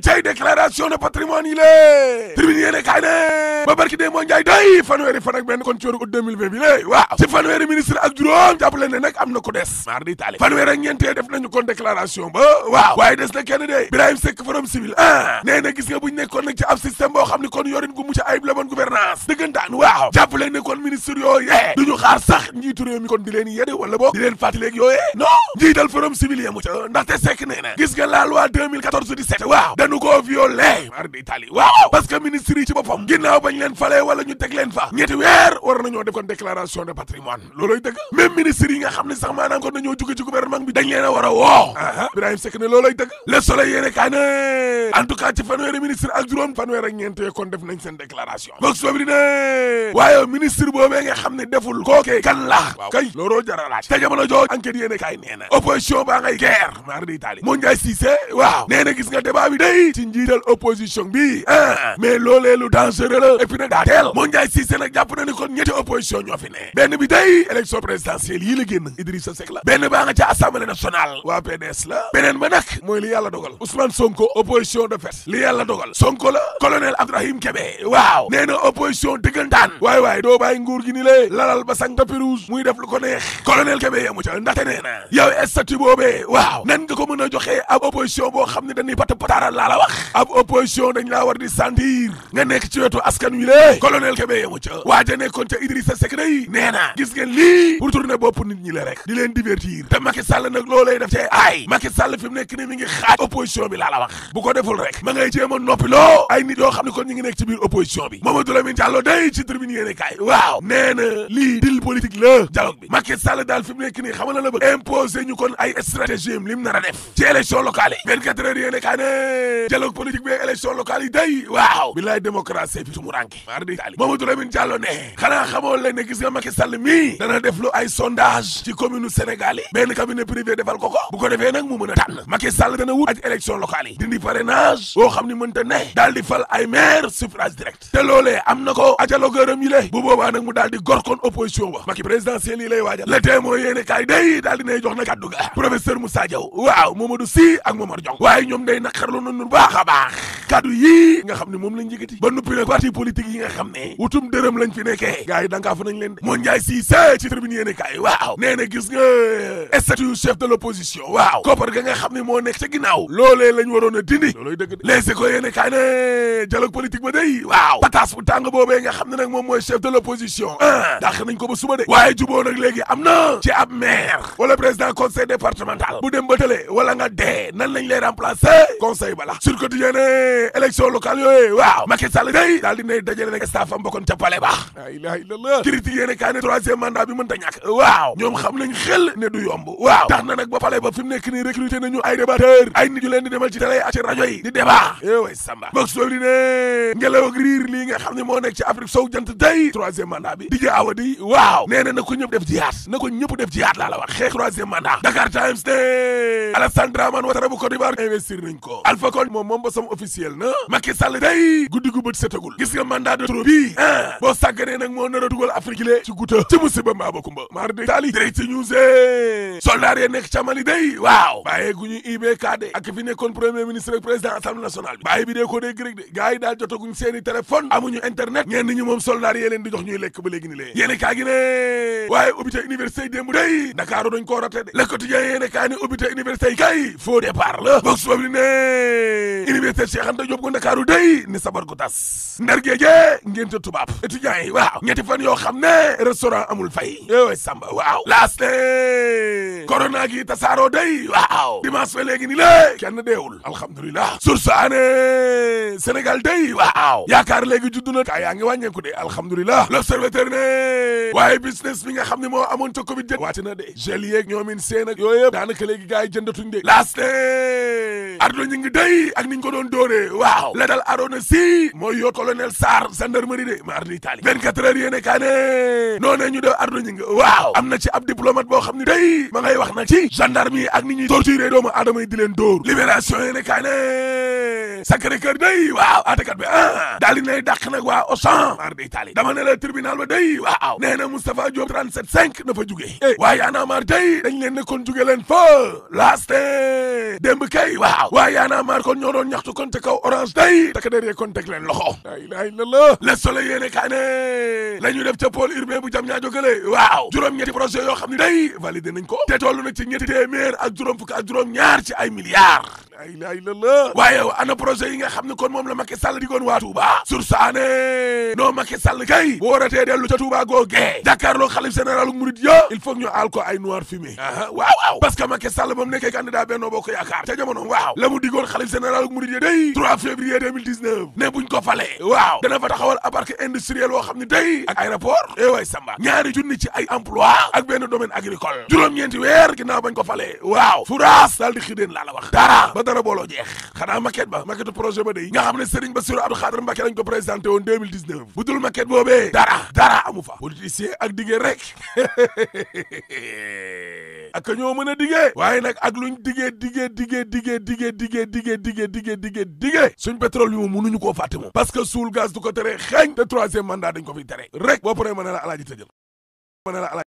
cay déclaration déclaration de patrimoine yi lée tribune yéene kaay ne kon ci weeru ah. ab système boo xam ne kon yorin gu mucc ayib la bonne gouvernance dëggantaan waaw jàpp leen ne kon ministre yooyee duñu xaar sax njiitu réew mi kon di leen yede wala boog di leen non njiital forum civil ya mucc ndaxte Seck nee gis nga la loi 2014 17 waaw dañu ko violé loolee mar di tali waaw parce que ministre yi ci boppam ginnaaw bañ leen falee wala ñu teg fa ñetti weer war nañoo def kon déclaration de patrimoine looloy dëgg même ministre yi nga xam ne sax maanaam kon dañoo jóge ci gouvernement bi dañ a war woo aa Ibrahima Seck ne looloy dëgg le soleil yéene kaa ne en tout cas ci fanweeri ak juróom fanweer ak ñeent yee kon def nañ seen déclaration vox boobu bi day ci njiital jiital opposition bi ah mais loolee la et puis nag daa teel moo njaay Cissé nag jàpp na ni kon ñetti opposition ñoo fi ne benn bi day élection présidentielle yii la génn Idrissa Seck la benn baa nga ca assemblée nationale waa PDS la beneen ba nag mooy li yàlla dogal Ousmane Sonko opposition de fait li yàlla dogal Sonko la colonel Abdourahim Kébé waaw nee na opposition dëggantaan waay waay doo bàyyi nguur gi ni lee lalal ba sang tapis muy def lu ko neex ko a joxee boo xam ne dañuy pat pataaral laa ab opposition dañ laa war di sentir nga nekk ci wetu askan wi lée colonel Kébé yemu ca waaja nekkoon ca Idrissa Seck day nee gis ngeen lii pour tourner bopp nit ñi rek di leen divertir te Macky Sall nag loolee def cee aay Macky Sall fi mu nekk ni mi ngi xaaj opposition bi laa wax bu deful rek ma ngay jéem a noppi loo ay nit yoo xam ne kon ñu ngi nekk ci biir opposition bi Mamadou Lamine Diallo day ci tribune yéene kaay waaw nee lii dil politique la dialogue a def politique bi élection locale yi day waaw bilaay démocratie di taali Mamadou Lamine Diallo ne xanaa xamoo leen ne gis Sall mii dana def lu ay sondage ci commune Sénégal benn cabinet privé defal ko ko bu defee nag mu mën a tànn Macky Sall dana wut ak élection locale dindi parrainage boo xam ni mënta ne daal di fal ay maire suffrage direct te loolee am na ko ajalogëram yi lay bu boobaa nag mu daal di gorkoon opposition wax Macky présidentielle yi lay le a kaddu yii nga xam ne moom lañ yëkkati ba nuppi nag parti politique yi nga xam ne wutum dërëm lañ fi nekkee gars yi dankaa fa nañ leen de moo njaay sii ci tribune yéene kaay waaw nee gis nga statut chef de l' opposition waaw koppar ga nga xam ne moo nekk ca ginnaaw loolee lañ waroon a dindi looloy dëgg les écoles yéene kaay ne dialogue politique ba day waaw pataas bu tàng boobee nga xam ne nag moom mooy chef de l' opposition ko ba suba de waaye juboo nag léegi am na ci ab maire wala président conseil départemental bu dem ba tële élection locale yooyu waaw Macky Sall day daal di ne dajale nag staff am bokkoon ca palais ba la ilaha illallah critique yéene kaa ne troisième bi mënta ñàkk waaw ñoom xam nañ xel ne du yomb waaw tax na nag ba palais ba fi mu nekk nii recruté nañu ay débatteur ay nit ñu leen di demal ci télé ak ci rajo yi di débat eh way samba box li ne ngelaw ak riir lii nga xam ne moo nekk ci Afrique sow jant day troisième mandat bi di jaawa di waaw nee na na ko la wax xeex troisième mandat Dakar ko Alpha liggéeyal na Macky Sall day guddi gu bët setagul gis nga mandat de trop ah boo sàgganee nag moo nar a dugal le ci guta ci musiba mbaa ba kumba maar de taali direct news e soldaar yi nekk ca Mali day waaw gu ñu IBK de ak fi nekkoon premier ministre président assemblée nationale bi bi dee ko dee grec de gars yi daal jotaguñ seeni téléphone amuñu internet ñenn ñi moom soldaar yee leen di ñuy lekk ba léegi ni lee yéene ne kaa ni ubbite université Anta Diop gu Ndakaaru day ni sabar gu tas ndar géejee ngénte tubaab étudiants yi waaw ñetti fan yoo xam ne restaurant amul fay yooyu samba waaw laas ne corona gi tasaaroo day waaw dimanche fa léegi ni lé kenn deewul alhamdulilah source ané Sénégal day waaw yaakaar léegi juddu na kaa yaa ngi wàññeeku de alhamdulilah l'observateur ne waaye business bi nga xam ne moo amoon ca covid jë waati na de gel yeeg ñoomin seen daanaka léegi gars yi jëndatuñ de Ardo ñu ngi day ak niñ ko doon dóoree waaw la dal Arona si mooy yoo colonel Sarr gendarmerie de maar di taali 24 heures yéene kaa ne noo ne ñu def Ardo ñu ngi waaw am na ci ab diplomate boo xam ne day ma ngay wax nag ci gendarme yi ak ni ñuy torturé doomu adama yi di leen dóor libération yéene kaa ne Sacré Cœur day waaw attakat bi ah daal di nay dàq nag waa Auchan mar d' Italie dama ne la tribunal ba day waaw nee na Moustapha Diop a marre day dañ leen ne kon eh, kon ñoo doon ñaxtu kon kon teg leen loxo la ilaha illallah Le Soleil yéene kaa ne la ñu ca pôle urbain bu jam ñaa jógale waaw juróom-ñetti projet yoo xam ne day validé nañ ko te toll na ci ñetti téeméer ak juróom fukk ak juróom ñaar ci ay milliards la ilaha illallah waaye ana projet yi nga xam ne kon moom la Macky Sall digoon waa Touba noo Macky Sall kay bu waratee dellu ca Touba googee jàkkaarloo xalif généralu murid ya il faut ñu aal ko ay noir fumé waaw waaw parce que Macky Sall ba mu nekkee candidat Benno Bokk Yaakaar ca jamono waaw la mu digoon xalif généralu murid ya day 3 ne buñ ko waaw dana fa taxawal ab parc industriel xam ne day ak aéroport eh way Samba dara booloo jeex xanaa maquette ba maquette projet ba day nga xam ne Serigne Bassirou Abdou Khadre Mbacké lañ ko présenté woon 2019 bu dul maquette boobee dara dara amu fa politicien ak diggee rek ak ñoo mën a diggee nag ak lu diggee diggee diggee diggee diggee diggee diggee diggee diggee diggee diggee suñ pétrole bi moom mënuñu koo fàtte moom parce que suul gaz du ko tere xeeñ te troisième mandat dañ ko fiy tere rek boo paree ma ne la alaaji tëjal ma ne la